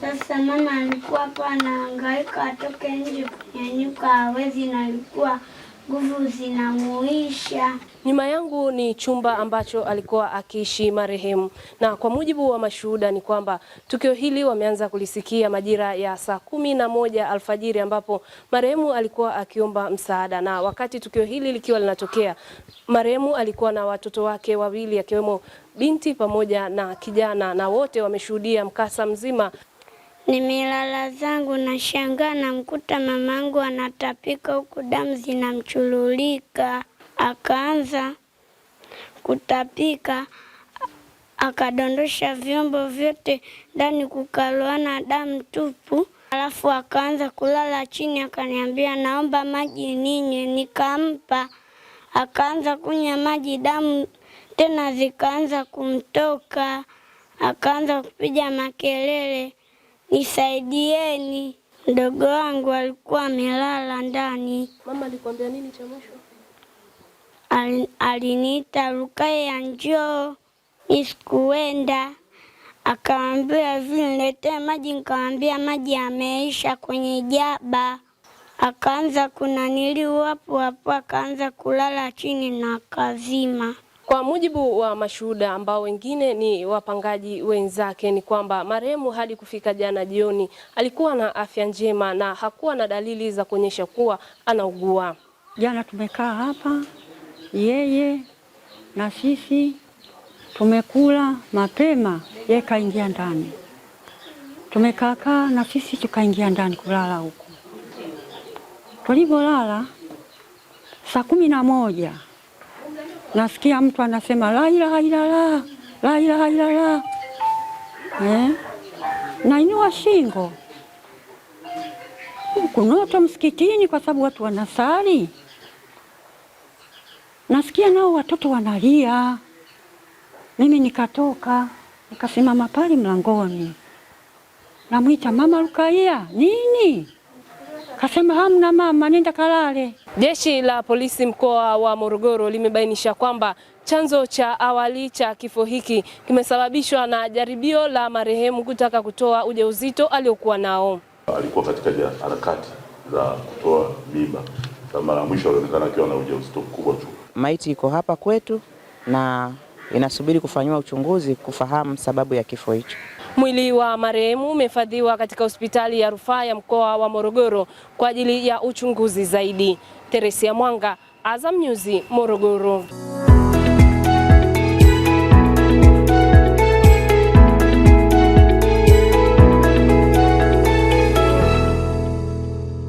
Sasa mama alikuwa hapo anahangaika atoke nje kunyanyuka hawezi, na alikuwa nguvu zinamuisha. Nyuma yangu ni chumba ambacho alikuwa akiishi marehemu, na kwa mujibu wa mashuhuda ni kwamba tukio hili wameanza kulisikia majira ya saa kumi na moja alfajiri ambapo marehemu alikuwa akiomba msaada, na wakati tukio hili likiwa linatokea, marehemu alikuwa na watoto wake wawili akiwemo binti pamoja na kijana, na wote wameshuhudia mkasa mzima. Nimelala zangu na shangaa, mkuta mamangu anatapika huku damu zinamchululika. Akaanza kutapika, akadondosha vyombo vyote ndani, kukaluana damu tupu. Alafu akaanza kulala chini, akaniambia naomba maji ninywe, nikampa. Akaanza kunywa maji, damu tena zikaanza kumtoka, akaanza kupiga makelele. Nisaidieni, mdogo wangu alikuwa amelala ndani. Mama alikwambia nini cha mwisho? Al, aliniita ya njoo, nisikuenda. akawambia vile niletee maji, nikamwambia maji yameisha kwenye jaba. Akaanza kunaniliu wapo hapo akaanza kulala chini na kazima kwa mujibu wa mashuhuda ambao wengine ni wapangaji wenzake, ni kwamba marehemu hadi kufika jana jioni alikuwa na afya njema na hakuwa na dalili za kuonyesha kuwa anaugua. Jana tumekaa hapa yeye na sisi tumekula mapema, yeye kaingia ndani, tumekaakaa na sisi tukaingia ndani kulala huko. Tulipolala saa kumi na moja nasikia mtu anasema la lailailala illallah, la eh? Nainua shingo kunoto msikitini, kwa sababu watu wanasali, nasikia nao watoto wanalia. Mimi nikatoka nikasimama pale mlangoni, namwita mama Rukaia, nini Kasema hamna mama, nenda kalale. Jeshi la polisi mkoa wa Morogoro limebainisha kwamba chanzo cha awali cha kifo hiki kimesababishwa na jaribio la marehemu kutaka kutoa ujauzito aliokuwa nao. Alikuwa katika harakati za kutoa mimba, mara ya mwisho alionekana akiwa na ujauzito mkubwa tu. Maiti iko hapa kwetu na inasubiri kufanyiwa uchunguzi kufahamu sababu ya kifo hicho. Mwili wa marehemu umehifadhiwa katika hospitali ya rufaa ya mkoa wa Morogoro kwa ajili ya uchunguzi zaidi. Teresia Mwanga, Azam News, Morogoro.